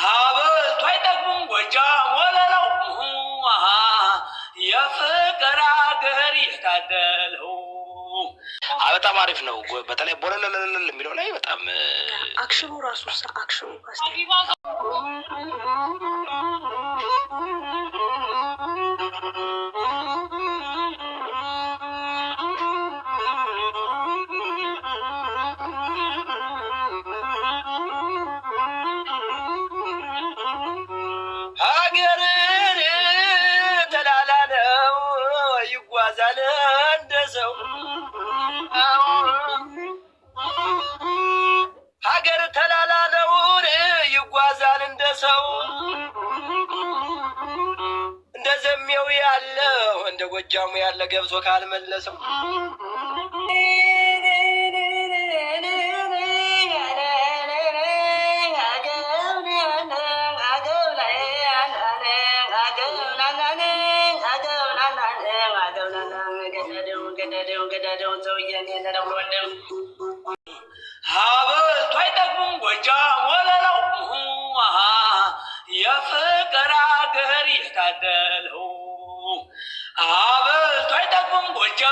ሀበልቱ አይጠቅሙም ጎጃም ወለላው የፍቅር አገር የታደለው በጣም አሪፍ ነው። በተለይ ቦለለለለል የሚለው ላይ በጣም አክሽኑ ራሱ አክሽኑ ሀገር ተላላለውን ይጓዛል እንደ ሰው እንደ ዘሜው ያለ እንደ ጎጃሙ ያለ ገብሶ ካልመለሰው ተጋደልሁ አበልቶ አይጠቅምም ጎጃ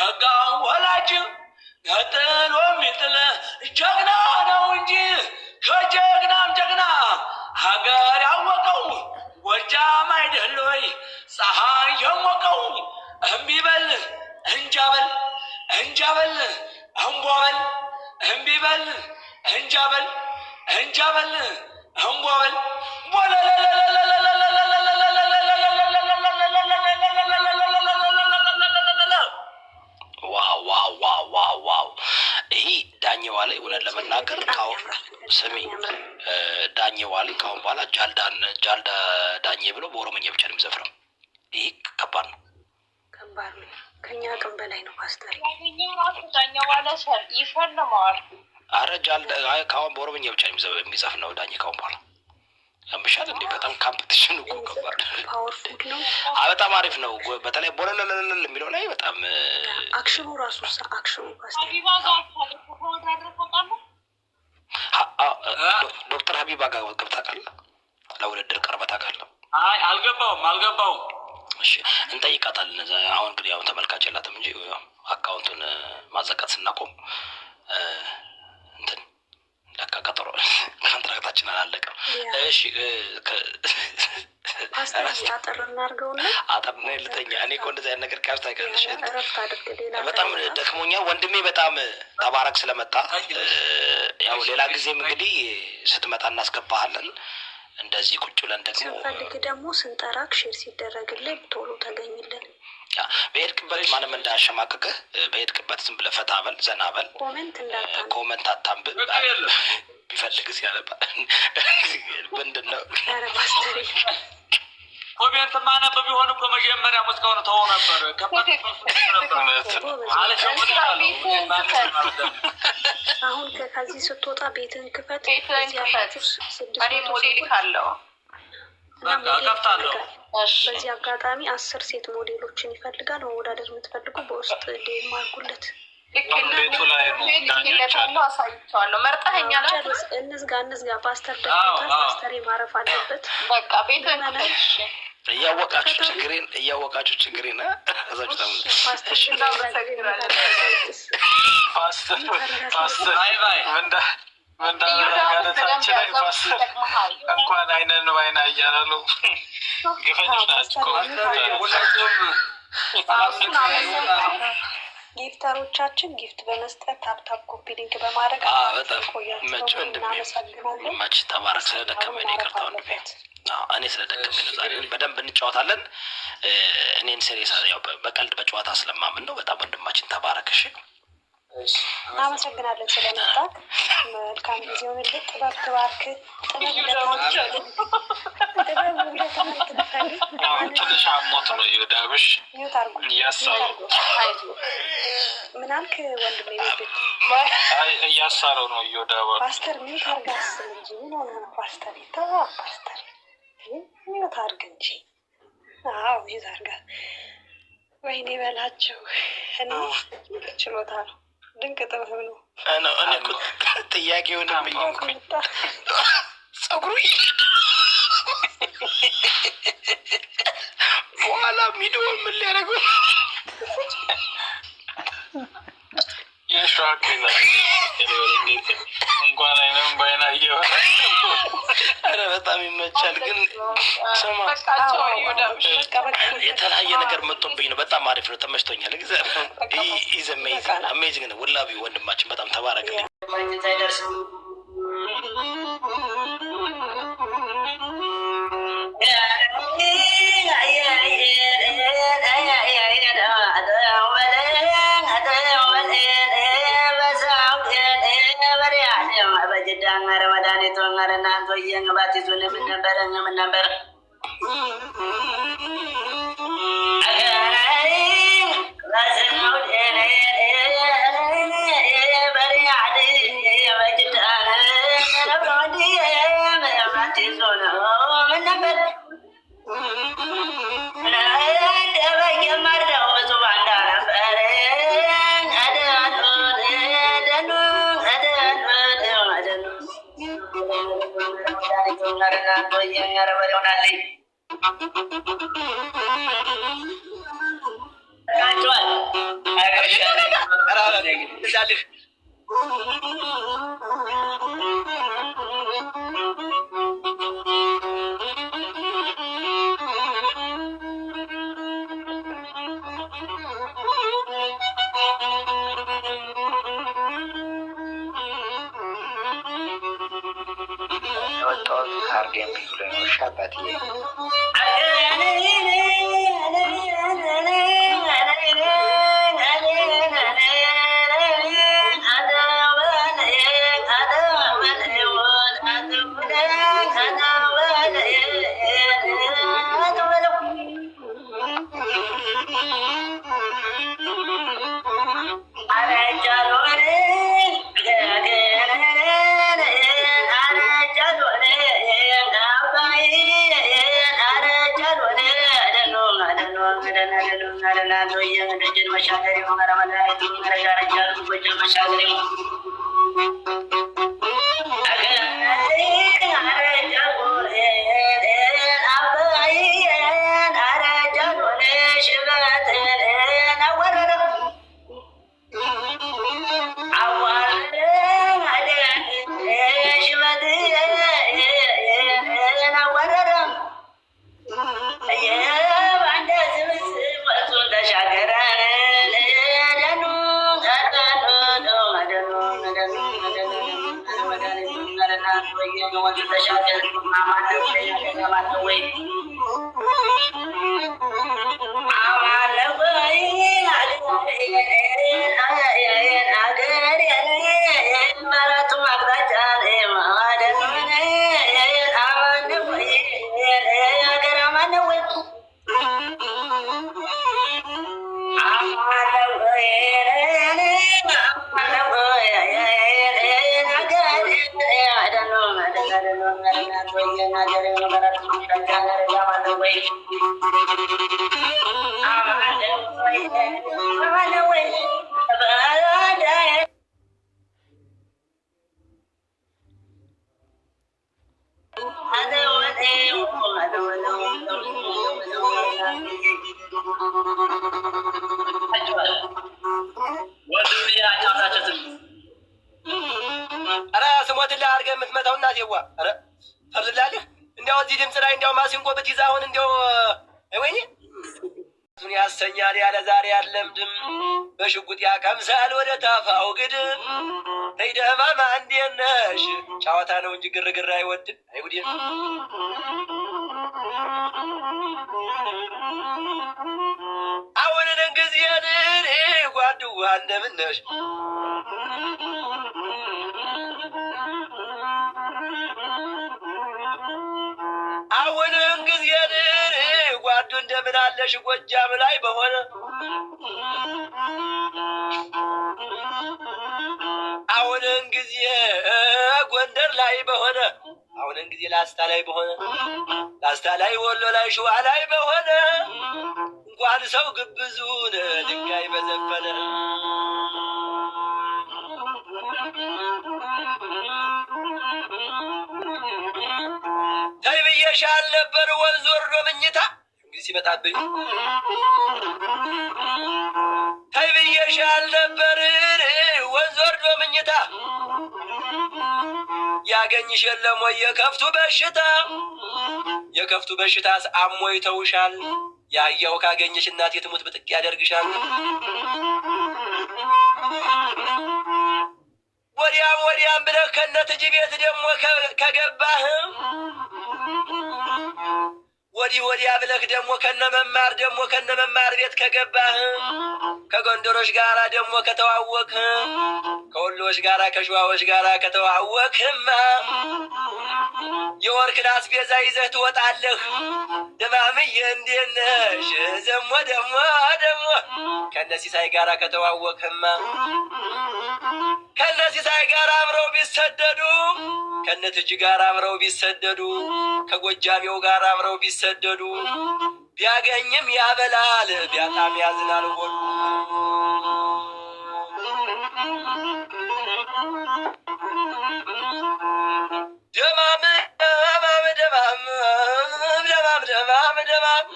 ሸጋው ወላጅ ነጥሎ የሚጥል ጀግና ነው እንጂ ከጀግናም ጀግና ሀገር ያወቀው ጎጃም አይደል ወይ? ፀሐይ የሞቀው እምቢበል እንጃበል እንጃበል እንቧበል እምቢበል እንጃበል እንጃበል እንቧበል ቦለለለለለለ ዳኘ ዋለ እውነት ለመናገር ስሚ ዳኘ ዋለ ካሁን በኋላ ጃልዳን ጃልዳ ዳኘ ብሎ በኦሮሞኛ ብቻ ነው የሚዘፍረው። ይህ ከባድ ነው፣ ከባድ ነው። ከኛ አቅም በላይ ነው። ፓስተር ዳኘ ዋለ ይሸልመዋል። አረ ጃልዳ ካሁን በኦሮሞኛ ብቻ ነው የሚዘፍ ነው ዳኘ ካሁን በኋላ ያምሻል እንዴ? በጣም ካምፕቲሽን እኮ ከባድ ነው። በጣም አሪፍ ነው። በተለይ ቦለለለለል የሚለው ላይ በጣም አክሽኑ ራሱ አክሽኑ ዶክተር ሀቢባ ጋር ገብታ ቃለ ለውድድር ቀርበታ አይ አልገባውም አልገባውም። እሺ እንጠይቃታለን። አሁን እንግዲህ ያው ተመልካች የላትም እንጂ አካውንቱን ማዘጋት ስናቆም ጊዜያችን አላለቀም። እሺ አጠር እናድርገውና ልተኛ። እኔ እኮ እንደዚህ አይነት ነገር ቀርታ ይቀርልሽ። በጣም ደክሞኛ ወንድሜ፣ በጣም ተባረክ ስለመጣ። ያው ሌላ ጊዜም እንግዲህ ስትመጣ እናስገባሃለን። እንደዚህ ቁጭ ብለን ደግሞ ስንፈልግ ደግሞ ስንጠራክ ሼር ሲደረግልን ቶሎ ተገኝልን። በሄድክበት ማንም እንዳያሸማቅቅህ፣ በሄድክበት ዝም ብለህ ፈታ በል ዘና በል። ኮመንት እንዳታ ኮመንት አታንብ ቢፈልግ ሲያለባ ምንድን ነው ኮሜንት ማነበብ ቢሆን እኮ መጀመሪያ ሙዚቃውን ተው ነበር። አሁን ከዚህ ስትወጣ ቤትን ክፈት፣ ቤትን ክፈት። እኔ ሞዴል ካለው በዚህ አጋጣሚ አስር ሴት ሞዴሎችን ይፈልጋል። መወዳደር የምትፈልጉ በውስጥ ዴም አድርጉለት። ቤቱ ላይ እንዝጋ እንዝጋ። ፓስተር ደፍታል። ፓስተር ማረፍ አለበት። በቃ ቤት እያወቃችሁ ችግሬን እያወቃችሁ ችግሬን እዛችሁ እንኳን አይነን ባይና እያላሉ ግፈኞች ናቸው። ጊፍተሮቻችን ጊፍት በመስጠት ታፕታፕ ኮፒ ሊንክ በማድረግ በጣም መቼ ወንድሜ ማች ተባረክ። ስለደከመን ይቅርታ ወንድሜ። እኔ ስለደከመኝ ነው። ዛሬ በደንብ እንጫወታለን። እኔን ሴሪየስ ያው በቀልድ በጨዋታ ስለማምን ነው። በጣም ወንድማችን ተባረክሽ። አመሰግናለን ስለመጣት። መልካም ጊዜ ጥበብ ትባርክ። ጥበብ ነው ነው ፓስተር ሆነ ፓስተር ፓስተር ታርግ እንጂ። አዎ ይዛርጋል። ወይኔ በላቸው። እኔ ችሎታ ነው፣ ድንቅ ጥበብ ነው። ጥያቄውን ጸጉሩ በኋላ ሚዲዮ ምን ሊያደርገው እንኳን አይነም እየሆነ ኧረ በጣም ይመቻል። ግን የተለያየ ነገር መጥቶብኝ ነው። በጣም አሪፍ ነው፣ ተመችቶኛል። ኢዝ አሜዚንግ ነው። ውላቢ ወንድማችን በጣም ተባረክልኝ። አልመሰለኝም ነበር። تازه هر ኧረ ስሞት አድርገህ የምትመታው እናቴዋ ኧረ ፈርድላለህ እንዲያው እዚህ ድምፅ ላይ እንዲያው ማሲንቆ ብትይዛ አሁን እንዲያው ወይ እሱን ያሰኛል ያለ ዛሬ አለምድም በሽጉጥ ያቀምሳል ወደ ታፋው ግድም ተይደህማማ እንዴት ነሽ? ጨዋታ ነው እንጂ ግርግር አይወድም። አይጉድ አሁንን እንግዜ ድሬ ጓድዋ እንደምነሽ እንደምን አለሽ ጎጃም ላይ በሆነ አሁንን ጊዜ ጎንደር ላይ በሆነ አሁንን ጊዜ ላስታ ላይ በሆነ ላስታ ላይ ወሎ ላይ ሸዋ ላይ በሆነ እንኳን ሰው ግብዙን ድንጋይ በዘፈነ ተይ ብዬሽ አልነበር ወንዝ ወርዶ ምኝታ እንግዲህ ሲመጣብኝ ተይ ብዬሻል ነበር ወንዝ ወርዶ መኝታ ያገኝሽ የለም ወይ የከፍቱ በሽታ የከፍቱ በሽታስ አሞይ ተውሻል ያያው ካገኘሽ እናት የትሙት ብጥቅ ያደርግሻል ወዲያም ወዲያም ብለህ ከነት ቤት ደግሞ ከገባህ ወዲህ ወዲያ ብለህ ደግሞ ከነመማር ደግሞ ከነመማር ቤት ከገባህ ከጎንደሮች ጋራ ደግሞ ከተዋወክ ከወሎች ጋር ከሸዋዎች ከተዋወክማ ከተዋወቅህማ ዳስ አስቤዛ ይዘህ ትወጣለህ። ድማምዬ እንዴት ነሽ? ዘሞ ደግሞ ደግሞ ከነሲሳይ ጋር ከተዋወቅህማ ከነሲሳይ ጋር አብረው ቢሰደዱ ከነትጅ ጋር አብረው ቢሰደዱ ከጎጃሜው ጋር አብረው ቢሰ ቢሰደዱ ቢያገኝም ያበላል ቢያጣም ያዝናል ሆዱ ደማም ደማም ደማም ደማም ደማም ደማም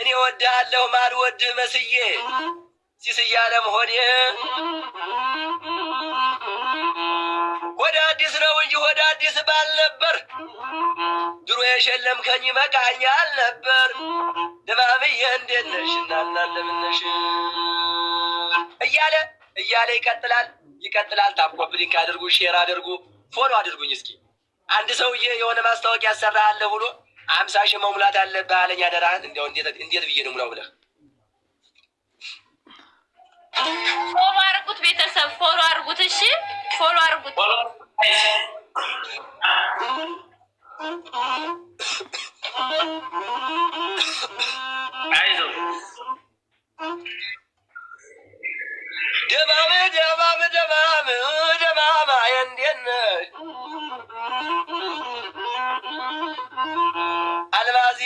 እኔ ወድሃለሁ ማልወድህ መስዬ ሲስያለ ሆዴ ነው እንጂ ወደ አዲስ ባል ነበር ድሮ የሸለምከኝ መቃኛል አልነበር። ድባብዬ እንዴት ነሽ እናና ለምነሽ እያለ እያለ ይቀጥላል ይቀጥላል። ታፕ አድርጉ፣ ሼር አድርጉ፣ ፎሎ አድርጉኝ። እስኪ አንድ ሰውዬ የሆነ ማስታወቂያ ያሰራሃለሁ ብሎ አምሳ ሺህ መሙላት አለብህ አለኝ። አደራህን እንዲያው እንዴት ብዬ ነው ብለህ ፎሎ አርጉት፣ ቤተሰብ ፎሎ አርጉት። እሺ ፎሎ አርጉት። አልባዝ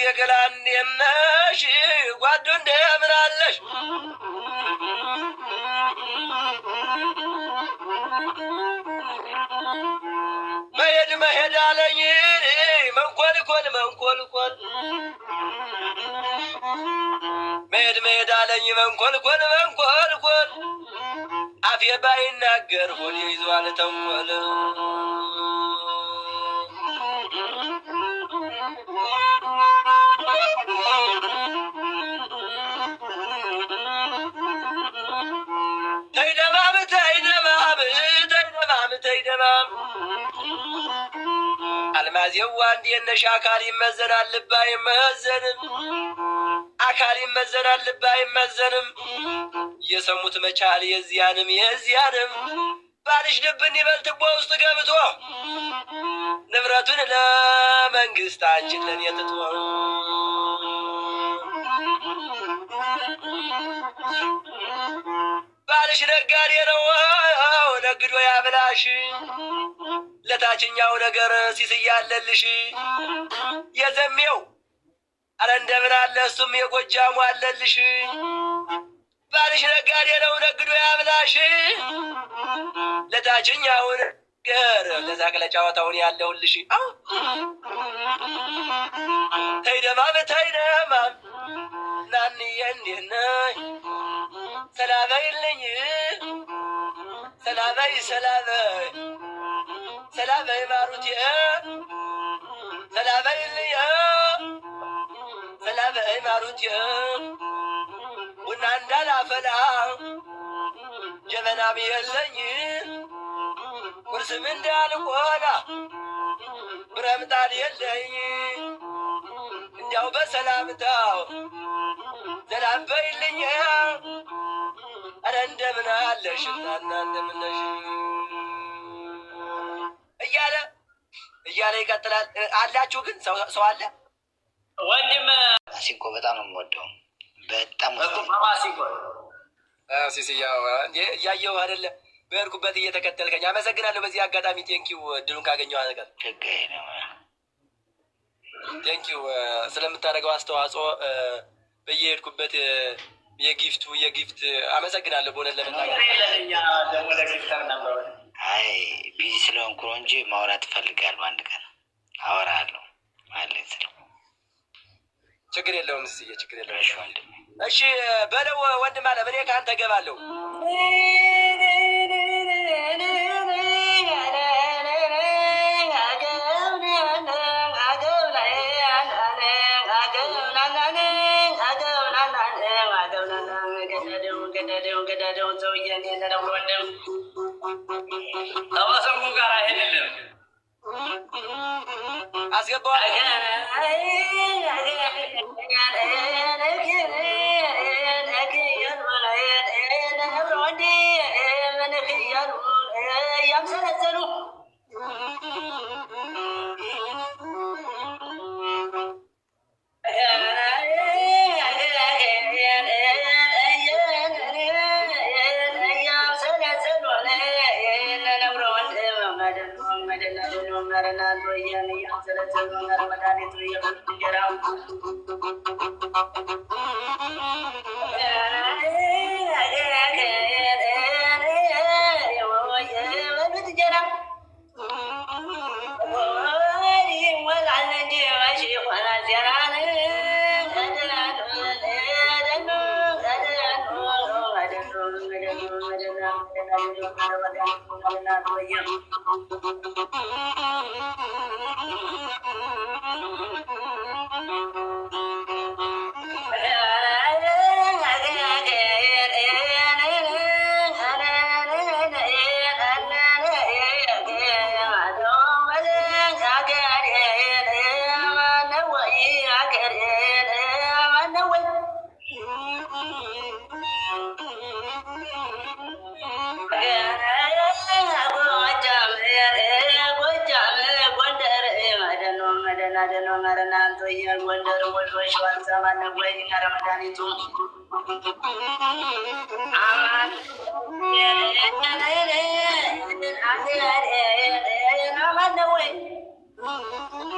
የገላ እንዴት ጓዱ እንዴ ሆዴ ይዞ አልተወለ አልማዜዋ እንዴት ነሽ? አካል ይመዘናል ልብ አይመዘንም። አካል ይመዘናል ልብ አይመዘንም። የሰሙት መቻል የዚያንም የዚያንም ባልሽ ልብን ይበል ትቦ ውስጥ ገብቶ ንብረቱን ለመንግስታችን ለኔ ትቶ ባልሽ ነጋዴ ነው ነግዶ ያብላሽ ለታችኛው ነገር ሲስያለልሽ የዘሜው አረ እንደምን አለ እሱም የጎጃሙ አለልሽ ባልሽ ነጋዴ ነው፣ ነግዶ ያብላሽ። ለታችኛውን ገር ለዛ ለጨዋታውን ያለውልሽ ተይደማም ተይደማም ናንዬ እንዴት ነሽ? ሰላበይልኝ ሰላበይ ሰላበይ ሰላበይ ማሩት ሰላበይልኝ ሰላበይ ማሩት ቡና እንዳላፈላ ጀበናም የለኝ ቁርስም እንዳልቆላ ብረምጣድ የለኝ እንዲያው በሰላምታው ዘላበይልኝ አረ እንደምን አለሽ እናና እንደምነሽ እያለ እያለ ይቀጥላል። አላችሁ ግን ሰው አለ ወንድም ሲንኮ በጣም የምወደው። እያየሁ አይደለም በሄድኩበት እየተከተልከኝ አመሰግናለሁ። በዚህ አጋጣሚ ቴንኪው እድሉን ካገኘው ነገር ቴንኪው ስለምታደርገው አስተዋጽኦ በየሄድኩበት የጊፍቱ የጊፍት አመሰግናለሁ። ለመናገር ቢዚ ስለሆንኩ ነው እንጂ ማውራት ቀን አወራለሁ ማለት ነው። ችግር የለውም። እስዬ ችግር የለውም። እሺ በለው ወንድም አለ እኔ ከአንተ ገባለሁ። አስገባዋል Yeah. Thank you. lalejò. I'm not the way.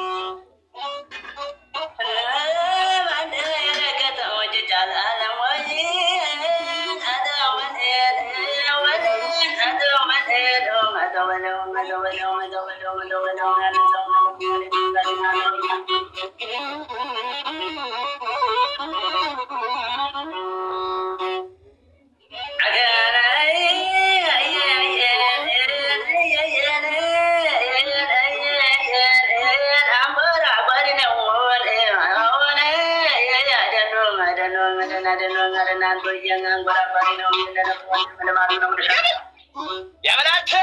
ያበላችሁ